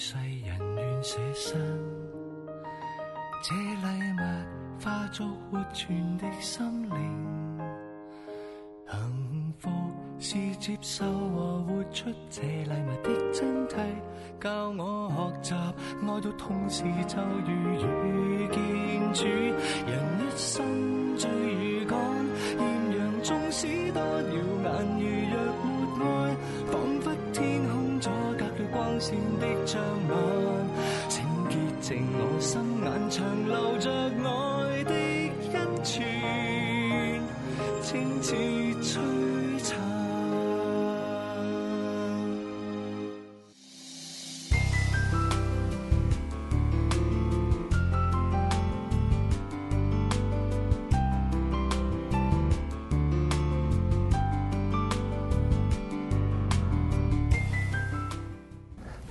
世人願捨身，這禮物化作活存的心靈。幸福是接受和活出這禮物的真諦，教我學習愛到同時就如遇見主。人一生最勇敢，艷陽縱使多耀眼。酸的張眼，請潔淨我心眼。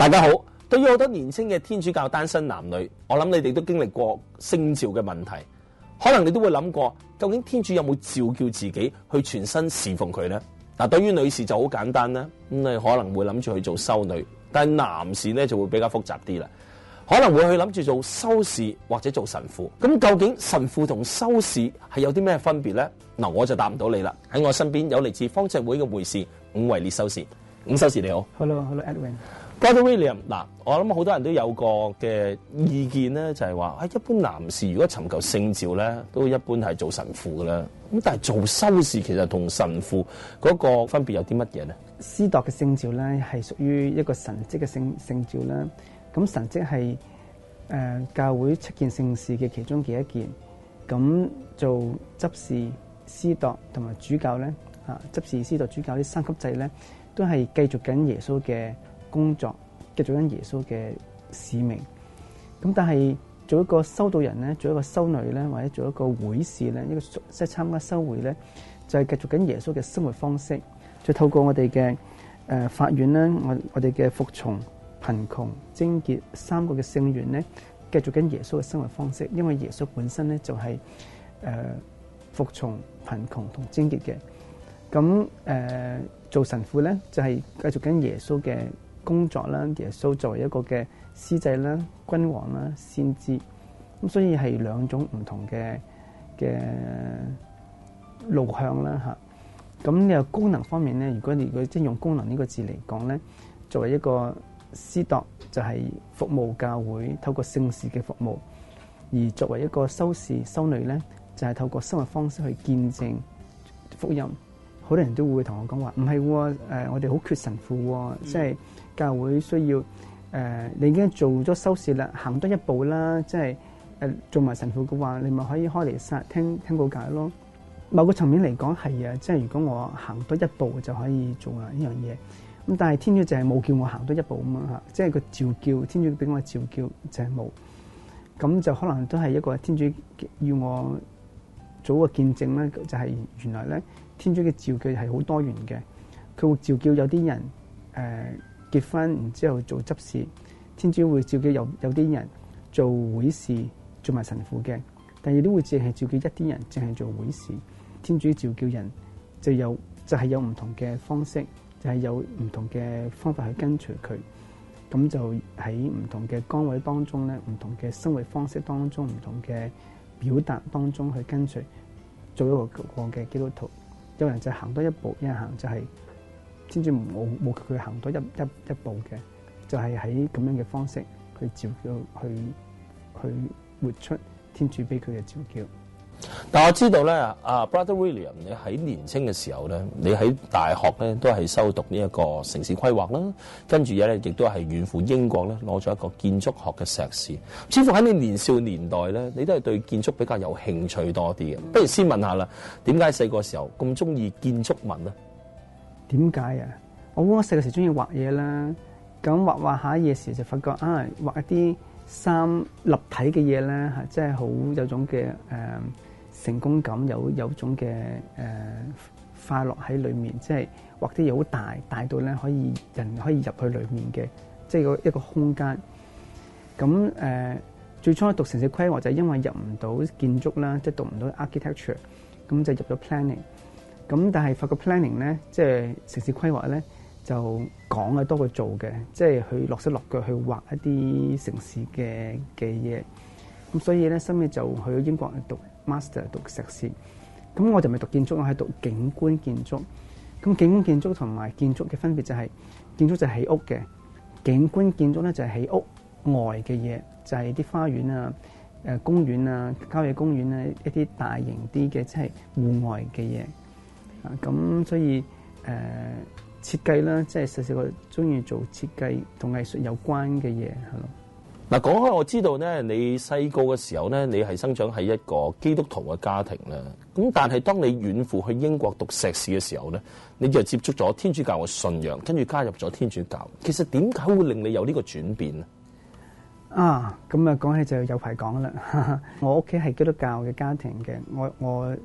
大家好，對於好多年輕嘅天主教單身男女，我諗你哋都經歷過聖召嘅問題，可能你都會諗過，究竟天主有冇召叫自己去全身侍奉佢呢？嗱，對於女士就好簡單啦，咁你可能會諗住去做修女，但係男士呢就會比較複雜啲啦，可能會去諗住做修士或者做神父。咁究竟神父同修士係有啲咩分別呢？嗱，我就答唔到你啦。喺我身邊有嚟自方濟會嘅會士伍維烈修士，伍修士你好，Hello，Hello，Edwin。Hello, hello, 加多威廉嗱，William, 我諗好多人都有個嘅意見咧，就係話：，啊，一般男士如果尋求聖召咧，都一般係做神父噶啦。咁但係做修士其實同神父嗰個分別有啲乜嘢咧？司鐸嘅聖召咧係屬於一個神職嘅聖聖召啦。咁神職係教會七件聖事嘅其中嘅一件。咁做執事、司鐸同埋主教咧，執事、司鐸、主教啲三級制咧，都係繼續緊耶穌嘅。工作繼續緊耶穌嘅使命，咁但係做一個修道人咧，做一個修女咧，或者做一個會士咧，一個即係參加修會咧，就係、是、繼續緊耶穌嘅生活方式。再透過我哋嘅誒，法院咧，我我哋嘅服從貧窮貞潔三個嘅聖願咧，繼續緊耶穌嘅生活方式。因為耶穌本身咧就係誒服從貧窮同貞潔嘅。咁誒、呃、做神父咧就係繼續緊耶穌嘅。工作啦，耶穌作為一個嘅司祭啦、君王啦、先知，咁所以係兩種唔同嘅嘅路向啦吓，咁呢個功能方面咧，如果你如果即用功能呢個字嚟講咧，作為一個司鐸就係、是、服務教會透過聖事嘅服務，而作為一個修士修女咧，就係、是、透過生活方式去見證福音。好多人都會同我講話，唔係喎，我哋好缺神父、啊，即係教會需要。誒、呃，你已經做咗修士啦，行多一步啦，即係誒、呃、做埋神父嘅話，你咪可以開嚟曬聽聽告解咯。某個層面嚟講係啊，即係如果我行多一步就可以做埋呢樣嘢。咁但係天主就係冇叫我行多一步咁樣嚇，即係佢召叫天主俾我召叫就係、是、冇。咁就可能都係一個天主要我做個見證咧，就係、是、原來咧。天主嘅召叫係好多元嘅，佢會召叫有啲人誒、呃、結婚，然之後做執事；天主會召叫有有啲人做會事，做埋神父嘅。但二啲會淨係召叫一啲人，淨係做會事。天主召叫人就有就係、是、有唔同嘅方式，就係、是、有唔同嘅方法去跟隨佢。咁就喺唔同嘅崗位當中咧，唔同嘅生活方式當中，唔同嘅表達當中去跟隨，做一個嘅基督徒。有人就行多一步，有人行就係天主冇冇佢行多一一一步嘅，就係喺咁樣嘅方式去召叫，去去活出天主俾佢嘅召叫。但我知道咧，阿 Brother William，你喺年青嘅時候咧，你喺大學咧都係修讀呢一個城市規劃啦，跟住嘢咧亦都係遠赴英國咧攞咗一個建築學嘅碩士。似乎喺你年少年代咧，你都係對建築比較有興趣多啲嘅。不如先問下啦，點解細個時候咁中意建築物呢？點解啊？我我細個時中意畫嘢啦，咁畫畫下嘢時就發覺啊，畫一啲三立體嘅嘢咧，真係好有種嘅誒。呃成功感有有一種嘅誒快樂喺裏面，即係畫啲嘢好大，大到咧可以人可以入去裏面嘅，即係個一個空間。咁誒、呃、最初讀城市規劃就係因為入唔到建築啦，即係讀唔到 architecture，咁就入咗 planning。咁但係發覺 planning 咧，即係城市規劃咧，就講嘅多過做嘅，即係去落手落腳去畫一啲城市嘅嘅嘢。咁所以咧，後尾就去咗英國去讀。master 讀碩士，咁我就咪讀建築，我係讀景觀建築。咁景觀建築同埋建築嘅分別就係，建築就係起屋嘅，景觀建築咧就係起屋外嘅嘢，就係、是、啲花園啊、誒公園啊、郊野公園啊，一啲大型啲嘅，即、就、係、是、戶外嘅嘢。啊，咁所以誒、呃、設計啦，即係細細個中意做設計同藝術有關嘅嘢係咯。嗱，講開我知道咧，你細個嘅時候咧，你係生長喺一個基督徒嘅家庭啦。咁但係當你遠赴去英國讀碩士嘅時候咧，你就接觸咗天主教嘅信仰，跟住加入咗天主教。其實點解會令你有呢個轉變咧？啊，咁啊，講起就有排講啦。 我屋企係基督教嘅家庭嘅，我我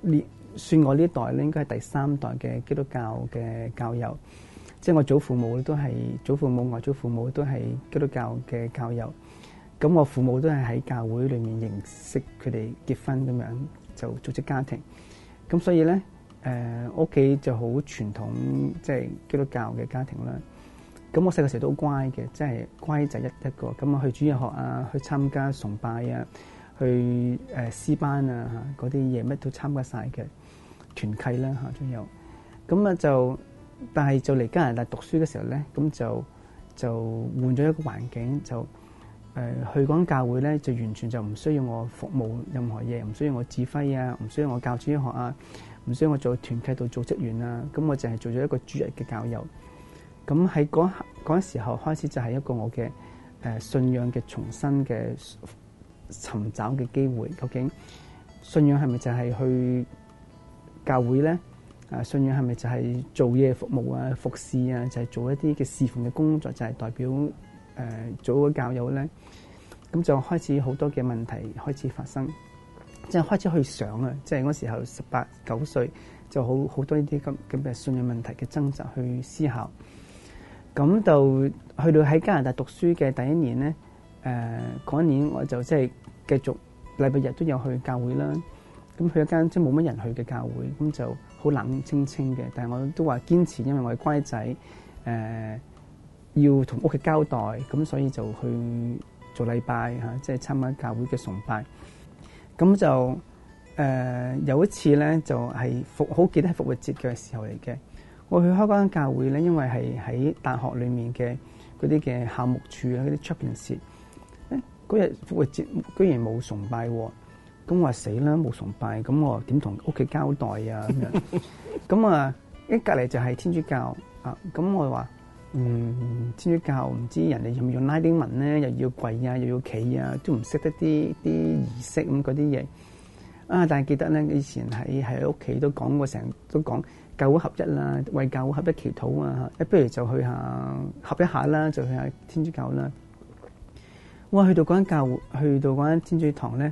呢算我呢代咧，應該係第三代嘅基督教嘅教友。即係我祖父母都係祖父母外祖父母都係基督教嘅教友。咁我父母都係喺教會裏面認識佢哋結婚咁樣，就組織家庭。咁所以咧，誒屋企就好傳統，即係基督教嘅家庭啦。咁我細個時都好乖嘅，即係乖仔一一個。咁啊去主日學啊，去參加崇拜啊，去誒師班啊，嗰啲嘢乜都參加晒嘅團契啦嚇，仲有咁啊就。但係就嚟加拿大讀書嘅時候咧，咁就就換咗一個環境，就誒、呃、去嗰間教會咧，就完全就唔需要我服務任何嘢，唔需要我指揮啊，唔需要我教主學啊，唔需要我做團契度做職員啊，咁我就係做咗一個主日嘅教友。咁喺嗰嗰時候開始就係一個我嘅誒信仰嘅重新嘅尋找嘅機會。究竟信仰係咪就係去教會咧？誒信仰係咪就係做嘢服務啊、服侍啊，就係、是、做一啲嘅侍奉嘅工作，就係、是、代表誒、呃、做個教友咧。咁就開始好多嘅問題開始發生，即、就、係、是、開始去想啊。即係嗰時候十八九歲就好好多呢啲咁咁嘅信仰問題嘅掙扎去思考。咁就去到喺加拿大讀書嘅第一年咧，誒、呃、嗰一年我就即係繼續禮拜日都有去教會啦。咁去一間即係冇乜人去嘅教會，咁就。好冷清清嘅，但係我都話堅持，因為我係乖仔，誒、呃，要同屋企交代，咁所以就去做禮拜吓，即係參加教會嘅崇拜。咁就誒、呃、有一次咧，就係復好記得係復活節嘅時候嚟嘅。我去開嗰間教會咧，因為係喺大學裏面嘅嗰啲嘅校務處啊，嗰啲出品室，嗰日復活節居然冇崇拜喎！咁我話死啦，冇崇拜，咁我點同屋企交代啊？咁啊、 嗯，一隔離就係天主教啊！咁我話，嗯，天主教唔知人哋用唔用拉丁文咧，又要跪啊，又要企啊，都唔識得啲啲儀式咁嗰啲嘢啊！但係記得咧，以前喺喺屋企都講過成日，都講教會合一啦，為教會合一祈禱啊！一、啊、不如就去下合一下啦，就去下天主教啦。我話去到嗰間教會，去到嗰間，間天主堂咧。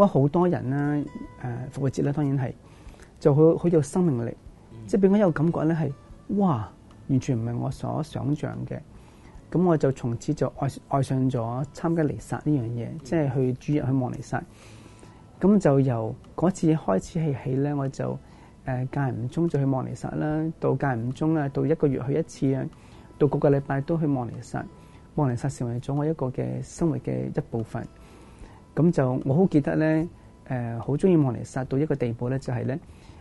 我好多人啦，誒復活節咧，當然係就好好有生命力，即係俾我一個感覺咧，係哇，完全唔係我所想像嘅。咁我就從此就愛愛上咗參加彌撒呢樣嘢，即係去主入去望彌撒。咁就由嗰次開始係起咧，我就誒隔唔中就去望彌撒啦，到隔唔中啊，到一個月去一次啊，到個個禮拜都去望彌撒。望彌撒成為咗我一個嘅生活嘅一部分。咁就我好記得咧，誒好鍾意望彌撒到一個地步咧，就係咧，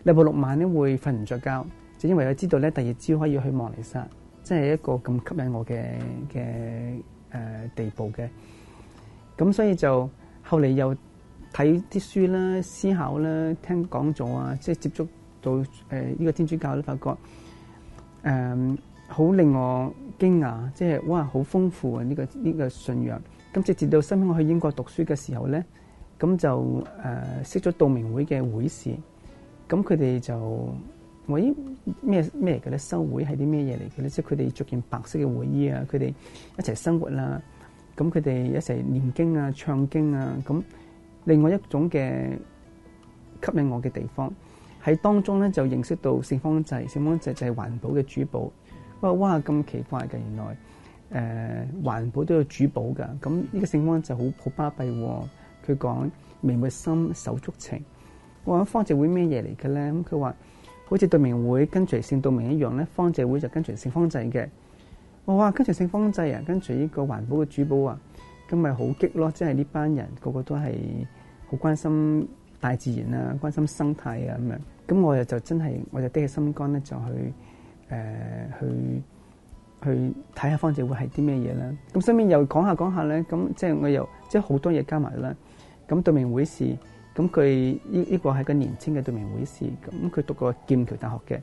禮拜六晚咧會瞓唔着覺，就因為我知道咧，第二朝可以去望彌撒，即係一個咁吸引我嘅嘅誒地步嘅。咁所以就後嚟又睇啲書啦、思考啦、聽講座啊，即係接觸到誒呢個天主教咧，發覺誒好令我驚訝，即係哇好豐富啊！呢個呢個信仰。咁直至到新，我去英國讀書嘅時候咧，咁就誒識咗道明會嘅會士，咁佢哋就話咦咩咩嚟嘅咧？修會係啲咩嘢嚟嘅咧？即係佢哋著件白色嘅會衣啊，佢哋一齊生活啦，咁佢哋一齊唸經啊、唱經啊，咁另外一種嘅吸引我嘅地方喺當中咧，就認識到聖方濟，聖方濟就係環保嘅主保。哇哇咁奇怪嘅，原來！誒、呃、環保都有主保噶，咁呢個聖方濟就好好巴閉。佢講、哦、明目心手足情，我、哦、方濟會咩嘢嚟嘅咧？咁佢話好似道明會跟住聖道明一樣咧，方濟會就跟住聖方濟嘅。我、哦、哇跟住聖方濟啊，跟住呢個環保嘅主保啊，咁咪好激咯、啊！即係呢班人個個都係好關心大自然啊，關心生態啊咁樣，咁我又就真係，我就掟起心肝咧就去誒、呃、去。去睇下方姐會係啲咩嘢啦。咁上面又講下講下咧，咁即係我又即係好多嘢加埋啦。咁道明會士，咁佢呢呢個係個年青嘅道明會士，咁佢讀過劍橋大學嘅。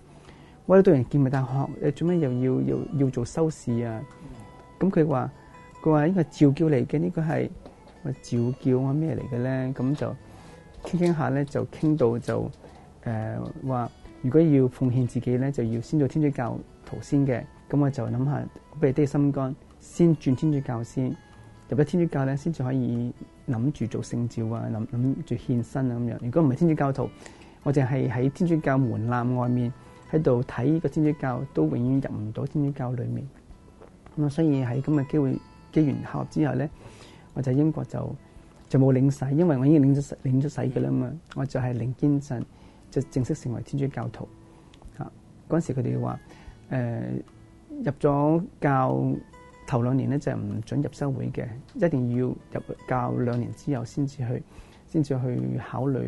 我哋讀完劍橋大學，誒做咩又要要要做修士啊？咁佢話佢話呢個召叫嚟嘅，呢、這個係召叫啊咩嚟嘅咧？咁就傾傾下咧，就傾到就誒話，呃、如果要奉獻自己咧，就要先做天主教徒先嘅。咁我就諗下，俾啲心肝先轉天主教先入咗天主教咧，先至可以諗住做聖召啊，諗諗住獻身啊咁樣。如果唔係天主教徒，我淨係喺天主教門檻外面喺度睇個天主教，都永遠入唔到天主教裡面。咁啊，所以喺咁嘅機會機緣巧合之後咧，我就英國就就冇領洗，因為我已經領咗洗領咗洗嘅啦嘛。我就係領堅振，就正式成為天主教徒。嚇嗰陣時佢哋話誒。呃入咗教頭兩年咧，就係唔准入修會嘅，一定要入教兩年之後先至去，先至去考慮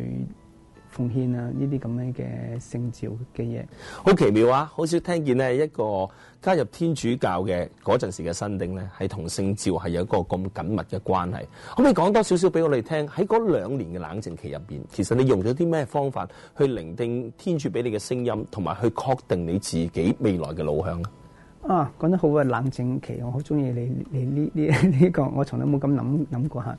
奉獻啊！呢啲咁樣嘅聖召嘅嘢，好奇妙啊！好少聽見咧，一個加入天主教嘅嗰陣時嘅新丁咧，係同聖召係有一個咁緊密嘅關係，可唔可以講多少少俾我哋聽，喺嗰兩年嘅冷靜期入邊，其實你用咗啲咩方法去聆聽天主俾你嘅聲音，同埋去確定你自己未來嘅路向咧？啊，講得好啊！冷靜期，我好中意你你呢呢呢個，我從來冇咁諗諗過嚇。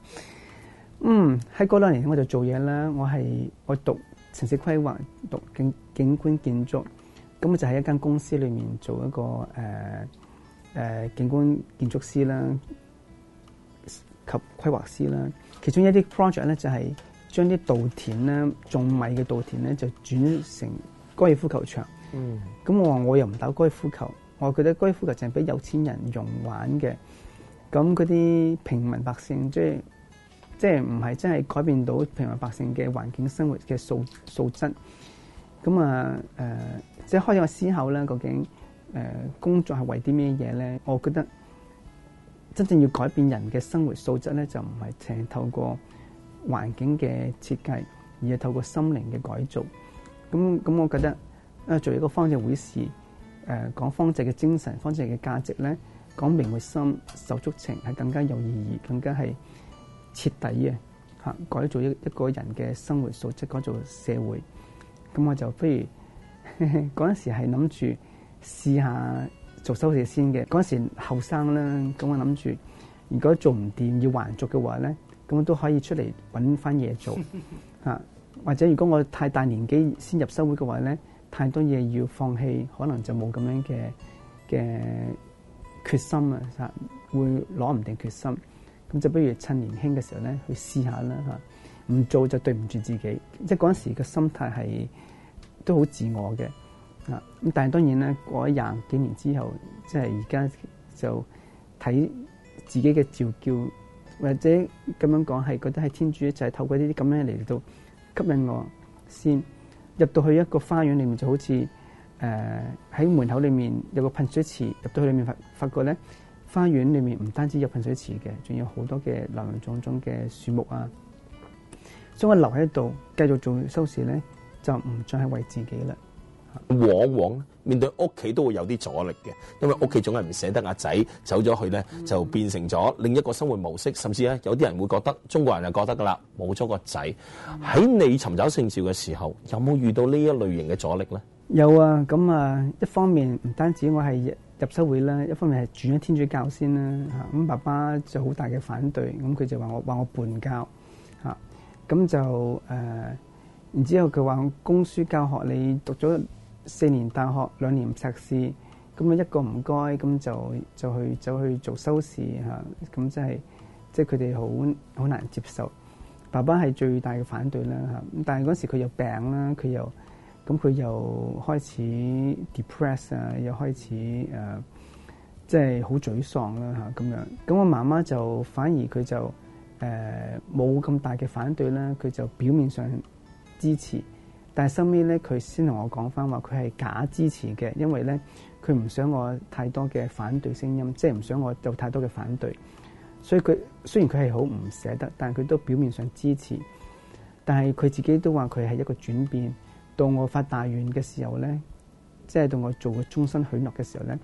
嗯，喺嗰兩年我就做嘢啦，我係我讀城市規劃、讀景景觀建築，咁我就喺一間公司裏面做一個誒誒、呃呃、景觀建築師啦及規劃師啦。其中一啲 project 咧就係、是、將啲稻田咧種米嘅稻田咧就轉成高爾夫球場。嗯，咁我話我又唔打高爾夫球。我覺得居住就淨係俾有錢人用玩嘅，咁嗰啲平民百姓即係即係唔係真係改變到平民百姓嘅環境生活嘅素素質。咁啊誒，即、呃、係、就是、開始我思考啦，究竟誒、呃、工作係為啲咩嘢咧？我覺得真正要改變人嘅生活素質咧，就唔係淨係透過環境嘅設計，而係透過心靈嘅改造。咁咁，我覺得啊，做一個方正會事。誒，講方正嘅精神，方正嘅價值咧，講明慧心、手足情係更加有意義，更加係徹底嘅吓，改造一一個人嘅生活素質，改造社會。咁我就不如嗰陣時係諗住試下做修士先嘅。嗰陣時後生啦，咁我諗住，如果做唔掂要還俗嘅話咧，咁我都可以出嚟搵翻嘢做吓， 或者如果我太大年紀先入修會嘅話咧。太多嘢要放棄，可能就冇咁樣嘅嘅決心啊！實會攞唔定決心。咁就不如趁年輕嘅時候咧，去試下啦嚇。唔做就對唔住自己。即嗰陣時嘅心態係都好自我嘅啊。咁但係當然咧，過咗廿幾年之後，即係而家就睇自己嘅召叫，或者咁樣講係覺得係天主就係透過呢啲咁樣嚟到吸引我先。入到去一個花園裡面就好似，誒、呃、喺門口裡面有個噴水池，入到去裡面發發覺咧，花園裡面唔單止有噴水池嘅，仲有好多嘅林林種種嘅樹木啊，所以我留喺度繼續做收視咧，就唔再係為自己啦。往往面對屋企都會有啲阻力嘅，因為屋企總係唔捨得阿仔走咗去咧，就變成咗另一個生活模式，甚至咧有啲人會覺得，中國人就覺得㗎喇，冇咗個仔。喺你尋找聖召嘅時候，有冇遇到呢一類型嘅阻力咧？有啊，咁啊，一方面唔單止我係入入修會啦，一方面係轉咗天主教先啦。咁爸爸就好大嘅反對，咁佢就話我話我叛教，嚇咁就誒、呃，然之後佢話公書教學你讀咗。四年大學兩年碩士，咁啊一個唔該，咁就就去就去做修士嚇，咁即係即係佢哋好好難接受。爸爸係最大嘅反對啦，嚇、啊，但係嗰時佢又病啦，佢又咁佢又開始 depress 啊，又開始誒，即係好沮喪啦，嚇咁樣。咁我媽媽就反而佢就誒冇咁大嘅反對啦，佢就表面上支持。但係收尾咧，佢先同我講翻話，佢係假支持嘅，因為咧佢唔想我太多嘅反對聲音，即係唔想我做太多嘅反對。所以佢雖然佢係好唔捨得，但係佢都表面上支持。但係佢自己都話佢係一個轉變。到我發大願嘅時候咧，即係到我做個終身許諾嘅時候咧，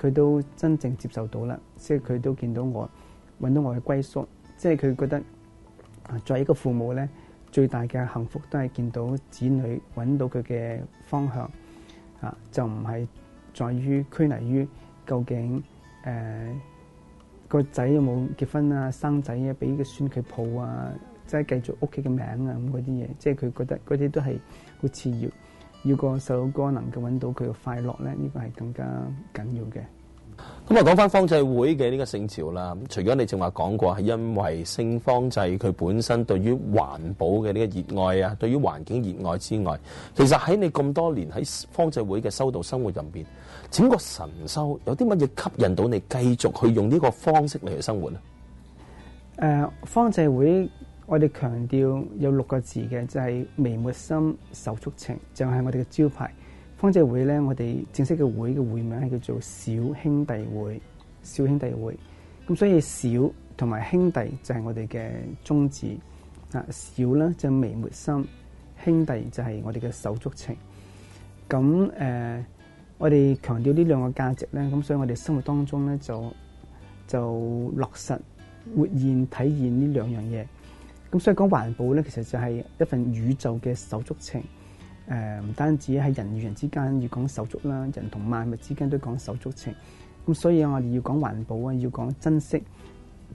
佢都真正接受到啦。即係佢都見到我搵到我嘅歸宿，即係佢覺得作為一個父母咧。最大嘅幸福都係見到子女揾到佢嘅方向，啊，就唔係在於拘泥於究竟誒、呃、個仔有冇結婚啊、生仔啊、俾個孫佢抱啊，即係繼續屋企嘅名啊咁，嗰啲嘢，即係佢覺得嗰啲都係好次要。要個細佬哥能夠揾到佢嘅快樂咧，呢個係更加緊要嘅。咁啊，講翻方濟會嘅呢個聖朝啦。除咗你正話講過係因為聖方濟佢本身對於環保嘅呢個熱愛啊，對於環境熱愛之外，其實喺你咁多年喺方濟會嘅修道生活入邊，整個神修有啲乜嘢吸引到你繼續去用呢個方式嚟去生活呢？誒、啊，方濟會我哋強調有六個字嘅，就係、是、微末心手足情，就係、是、我哋嘅招牌。方濟會咧，我哋正式嘅會嘅會名係叫做小兄弟會，小兄弟會。咁所以小同埋兄弟就係我哋嘅宗旨。小咧就微末心，兄弟就係我哋嘅手足情。咁誒、呃，我哋強調呢兩個價值咧，咁所以我哋生活當中咧就、就落實活現體現呢兩樣嘢。咁所以講環保咧，其實就係一份宇宙嘅手足情。誒，唔單止喺人與人之間要講手足啦，人同萬物之間都講手足情。咁所以我哋要講環保啊，要講珍惜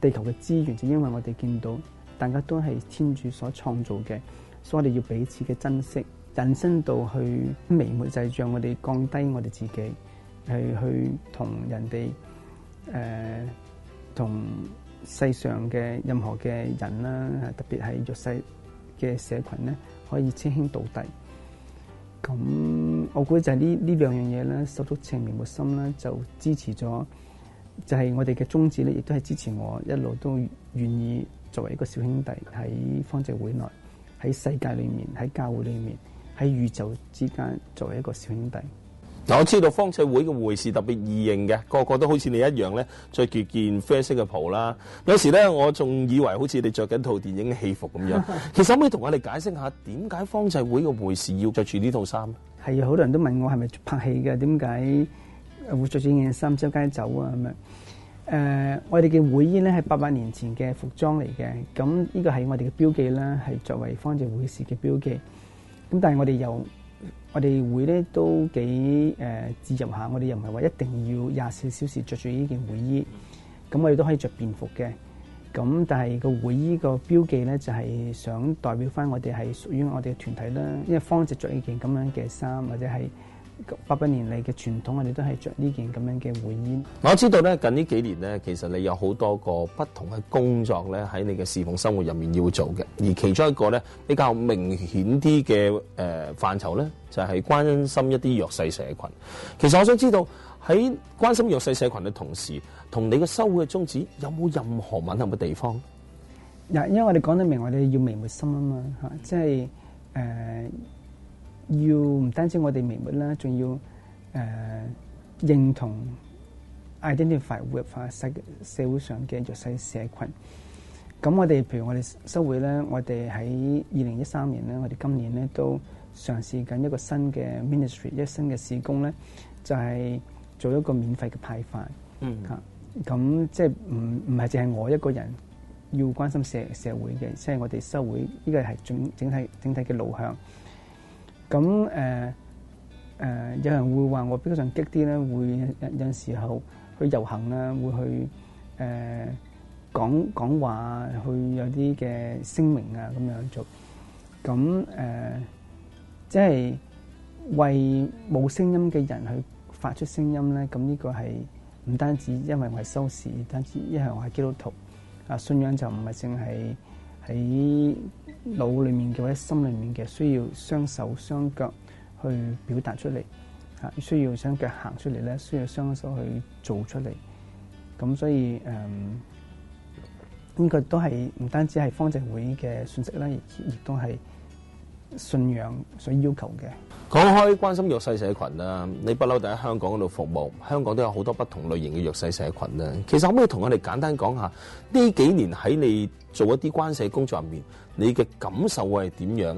地球嘅資源，就因為我哋見到大家都係天主所創造嘅，所以我哋要彼此嘅珍惜，人生到去微末際象，就係、讓我哋降低我哋自己係去同人哋誒，同世上嘅任何嘅人啦，特別係弱勢嘅社群咧，可以稱兄道弟。我估就係呢呢兩樣嘢咧，手足情面嘅心咧，就支持咗，就係我哋嘅宗旨咧，亦都係支持我一路都願意作為一個小兄弟喺方濟會內，喺世界裏面，喺教會裏面，喺宇宙之間作為一個小兄弟。嗱、啊，我知道方濟會嘅會士特別易認嘅，個個都好似你一樣咧，著住件啡色嘅袍啦。有時咧，我仲以為好似你着緊套電影嘅戲服咁樣。 其實可唔可以同我哋解釋一下點解方濟會嘅會士要着住呢套衫？係好多人都問我係咪拍戲嘅？點解會着住件衫周街走啊咁樣？誒、呃，我哋嘅會衣咧，係八百年前嘅服裝嚟嘅，咁、嗯、呢、呢個係我哋嘅標記啦，係作為方濟會士嘅標記。咁、嗯、但係我哋又我哋會咧都幾誒、呃、自由下，我哋又唔係話一定要廿四小時着住呢件會衣，咁、嗯、我哋都可以着便服嘅。咁但係個會衣個標記咧，就係想代表翻我哋係屬於我哋嘅團體啦。因為方便著呢件咁樣嘅衫，或者係八百年嚟嘅傳統，我哋都係著呢件咁樣嘅會衣。我知道咧，近呢幾年咧，其實你有好多個不同嘅工作咧，喺你嘅侍奉生活入面要做嘅。而其中一個咧，比較明顯啲嘅誒範疇咧，就係關心一啲弱勢社群。其實我想知道。喺關心弱勢社群嘅同時，同你嘅修會嘅宗旨有冇任何吻合嘅地方？又、yeah, 因為我哋講得明我沒，我哋要微末心啊嘛嚇，即係誒、呃、要唔單止我哋微末啦，仲要誒、呃、認同 identify 活化社社會上嘅弱勢社群。咁我哋譬如我哋修會咧，我哋喺二零一三年咧，我哋今年咧都嘗試緊一個新嘅 ministry，一新嘅事工咧，就係、是。做一個免費嘅派飯，吓咁即係唔唔係淨係我一個人要關心社社會嘅，即係我哋社會呢個係整整體整體嘅路向。咁誒誒，有人會話我比較上激啲咧，會有有時候去遊行啦，會去誒講講話，去有啲嘅聲明啊咁樣做。咁誒，即係為冇聲音嘅人去。發出聲音咧，咁呢個係唔單止因為我係修士，單止一係我係基督徒，啊信仰就唔係淨係喺腦裏面嘅，或者心裏面嘅，需要雙手雙腳去表達出嚟，需要雙腳行出嚟咧，需要雙手去做出嚟，咁所以誒呢、嗯呢個都係唔單止係方濟會嘅信息啦，亦都係。信仰所要求嘅講開關心弱勢社群啦，你不嬲。第喺香港嗰度服務，香港都有好多不同類型嘅弱勢社群啦。其實可唔可以同我哋簡單講下呢幾年喺你做一啲關社工作入面，你嘅感受會係點樣？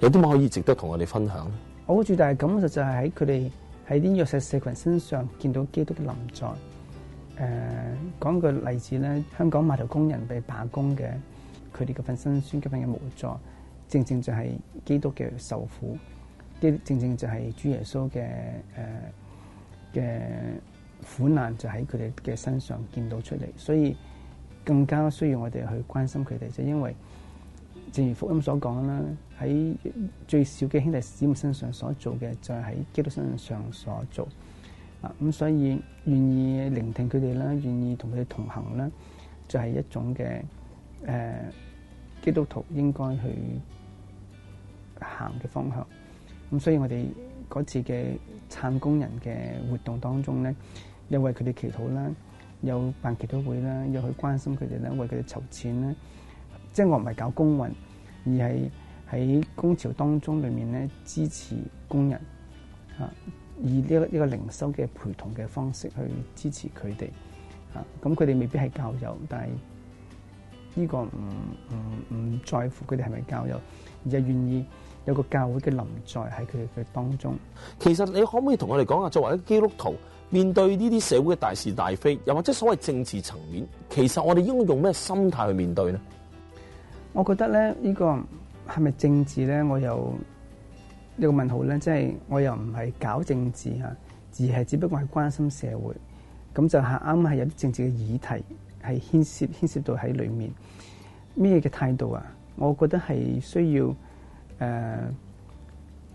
有啲乜可以值得同我哋分享咧？我最大感受就係喺佢哋喺啲弱勢社群身上見到基督嘅臨在。誒、呃，講個例子咧，香港碼頭工人被罷工嘅，佢哋嗰份辛酸，嗰份嘅無助。正正就係基督嘅受苦，正正就係主耶穌嘅誒嘅苦難，就喺佢哋嘅身上見到出嚟，所以更加需要我哋去關心佢哋，就因為正如福音所講啦，喺最少嘅兄弟姊妹身上所做嘅，就係喺基督身上所做啊，咁所以願意聆聽佢哋啦，願意同佢哋同行啦，就係一種嘅誒、呃、基督徒應該去。行嘅方向，咁所以我哋嗰次嘅撐工人嘅活動當中咧，又為佢哋祈禱啦，又辦祈禱會啦，又去關心佢哋啦，為佢哋籌錢啦。即係我唔係搞工運，而係喺工潮當中裏面咧支持工人，吓以呢一個呢個靈修嘅陪同嘅方式去支持佢哋，吓咁佢哋未必係教友，但係。呢個唔唔唔在乎佢哋係咪教友，而係願意有個教會嘅臨在喺佢哋嘅當中。其實你可唔可以同我哋講啊？作為一個基督徒，面對呢啲社會嘅大是大非，又或者所謂政治層面，其實我哋應該用咩心態去面對呢？我覺得咧，呢個係咪政治咧，我又呢個問號咧，即係我又唔係搞政治啊，而係只不過係關心社會，咁就係啱啱係有啲政治嘅議題。係牽涉牽涉到喺裏面咩嘅態度啊？我覺得係需要誒、呃、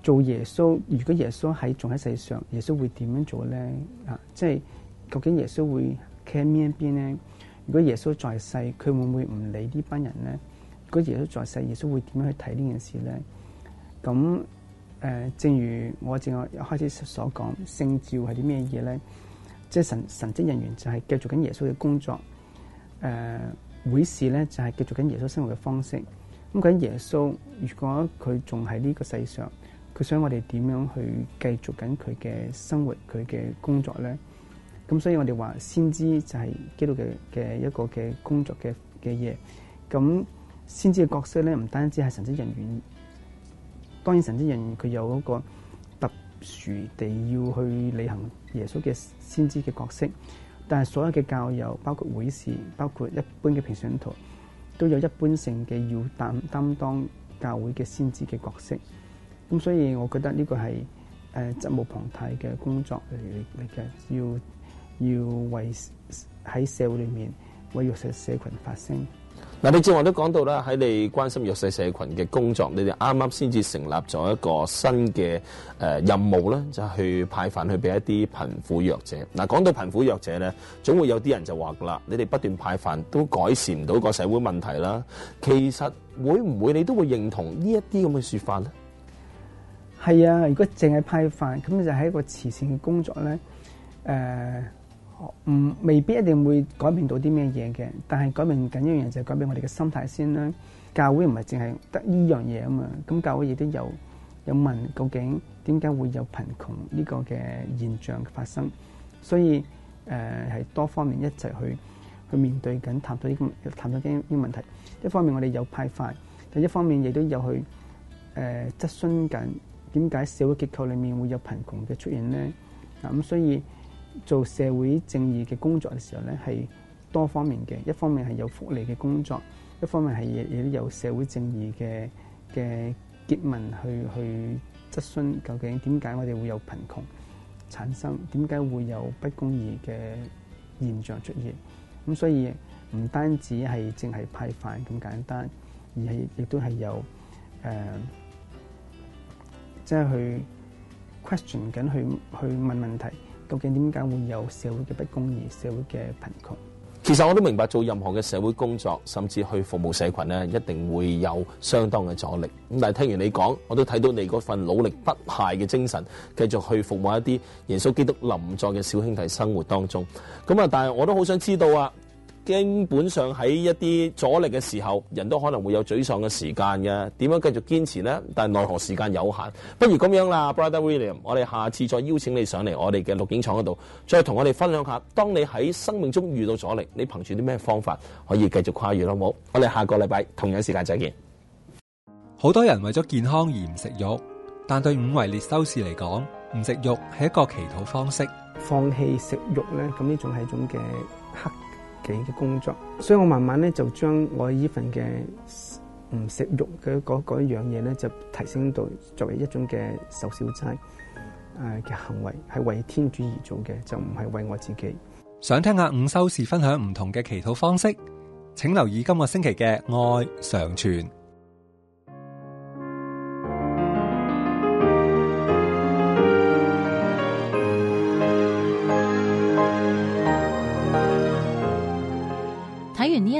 做耶穌。如果耶穌喺仲喺世上，耶穌會點樣做咧？啊，即係究竟耶穌會企喺邊一邊咧？如果耶穌在世，佢會唔會唔理呢班人咧？如果耶穌在世，耶穌會點樣去睇呢件事咧？咁、嗯、誒、呃，正如我正我一開始所講，聖召係啲咩嘢咧？即係神神職人員就係繼續緊耶穌嘅工作。誒會事咧，就係繼續緊耶穌生活嘅方式。咁緊耶穌，如果佢仲喺呢個世上，佢想我哋點樣去繼續緊佢嘅生活、佢嘅工作咧？咁所以我哋話先知就係基督嘅一個嘅工作嘅嘅嘢。咁先知嘅角色咧，唔單止係神職人員。當然神職人員佢有嗰個特殊地要去履行耶穌嘅先知嘅角色。但係所有嘅教友，包括會士，包括一般嘅平信徒，都有一般性嘅要擔擔當教會嘅先知嘅角色。咁所以，我覺得呢個係誒責無旁貸嘅工作嚟嚟嘅，要要為喺社會裏面為弱勢社群發聲。嗱，你正話都講到啦，喺你關心弱勢社群嘅工作，你哋啱啱先至成立咗一個新嘅誒任務咧，就係、去派飯去俾一啲貧苦弱者。嗱，講到貧苦弱者咧，總會有啲人就話噶啦，你哋不斷派飯都改善唔到個社會問題啦。其實會唔會你都會認同呢一啲咁嘅說法咧？係啊，如果淨係派飯，咁你就喺一個慈善嘅工作咧，誒、呃。唔未必一定會改變到啲咩嘢嘅，但係改變緊一樣嘢就係改變我哋嘅心態先啦。教會唔係淨係得呢樣嘢啊嘛，咁教會亦都有有問究竟點解會有貧窮呢個嘅現象發生，所以誒係多方面一齊去去面對緊，探討呢個探討呢啲問題。一方面我哋有派發，但係一方面亦都有去誒質詢緊，點解社會結構裏面會有貧窮嘅出現咧？啊咁所以。做社會正義嘅工作嘅時候咧，係多方面嘅。一方面係有福利嘅工作，一方面係亦都有社會正義嘅嘅詰問去去質詢，究竟點解我哋會有貧窮產生？點解會有不公義嘅現象出現？咁所以唔單止係淨係派飯咁簡單，而係亦都係有誒，即係去 question 緊，去去問問題。究竟點解會有社會嘅不公義、社會嘅貧窮？其實我都明白做任何嘅社會工作，甚至去服務社群咧，一定會有相當嘅阻力。咁但係聽完你講，我都睇到你嗰份努力不懈嘅精神，繼續去服務一啲耶穌基督臨在嘅小兄弟生活當中。咁啊，但係我都好想知道啊！基本上喺一啲阻力嘅時候，人都可能會有沮喪嘅時間嘅。點樣繼續堅持呢？但係奈何時間有限，不如咁樣啦，Brother William，我哋下次再邀請你上嚟我哋嘅錄影廠嗰度，再同我哋分享下，當你喺生命中遇到阻力，你憑住啲咩方法可以繼續跨越，好冇？我哋下個禮拜同樣時間再見。好多人為咗健康而唔食肉，但對五維列修士嚟講，唔食肉係一個祈禱方式。放棄食肉咧，咁呢種係一種嘅黑。嘅工作，所以我慢慢咧就將我依份嘅唔食肉嘅嗰嗰樣嘢咧，就提升到作為一種嘅受小齋誒嘅行為，係為天主而做嘅，就唔係為我自己。想聽阿五修士分享唔同嘅祈禱方式，請留意今個星期嘅《愛常存》。